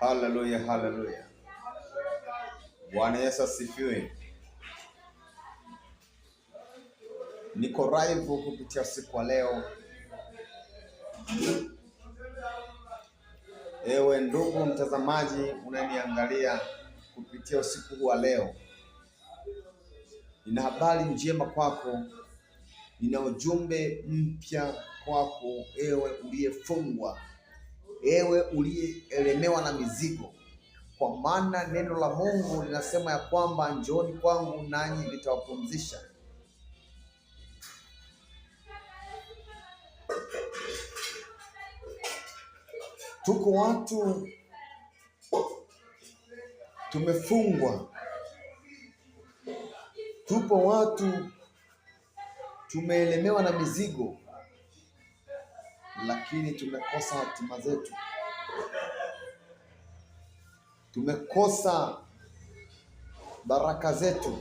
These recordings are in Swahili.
Haleluya, haleluya. Bwana Yesu asifiwe. Niko live kupitia siku ya leo. Ewe ndugu mtazamaji unaniangalia kupitia usiku huu wa leo, nina habari njema kwako, nina ujumbe mpya kwako, ewe uliyefungwa ewe uliyeelemewa na mizigo, kwa maana neno la Mungu linasema ya kwamba njooni kwangu nanyi nitawapumzisha. Tuko watu tumefungwa, tupo watu tumeelemewa na mizigo lakini tumekosa hatima zetu, tumekosa baraka zetu,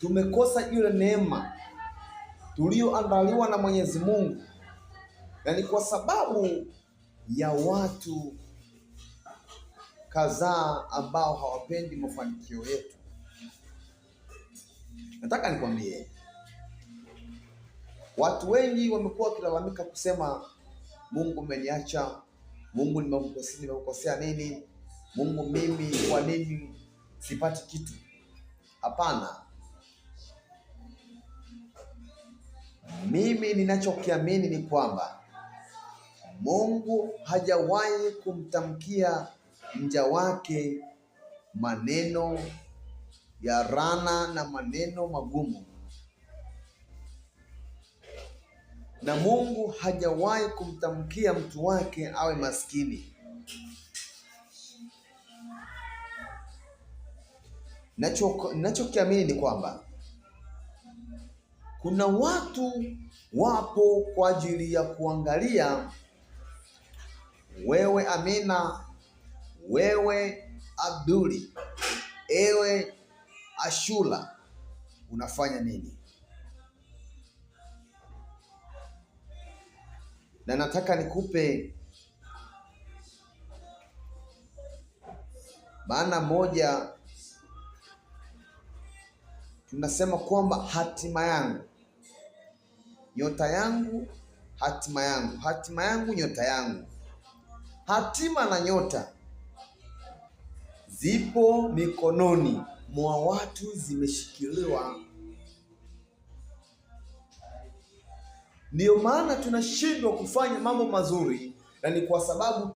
tumekosa ile neema tuliyoandaliwa na Mwenyezi Mungu, na ni kwa sababu ya watu kadhaa ambao hawapendi mafanikio yetu. Nataka nikwambie Watu wengi wamekuwa wakilalamika kusema Mungu umeniacha, Mungu nimekukosea nini? Mungu mimi kwa nini sipati kitu? Hapana, mimi ninachokiamini ni kwamba Mungu hajawahi kumtamkia mja wake maneno ya rana na maneno magumu. na Mungu hajawahi kumtamkia mtu wake awe maskini. Nachokiamini ni kwamba kuna watu wapo kwa ajili ya kuangalia wewe, Amina, wewe Abduli, ewe Ashura, unafanya nini? na nataka nikupe maana moja. Tunasema kwamba hatima yangu, nyota yangu, hatima yangu, hatima yangu, nyota yangu. Hatima na nyota zipo mikononi mwa watu, zimeshikiliwa Ndiyo maana tunashindwa kufanya mambo mazuri, na ni kwa sababu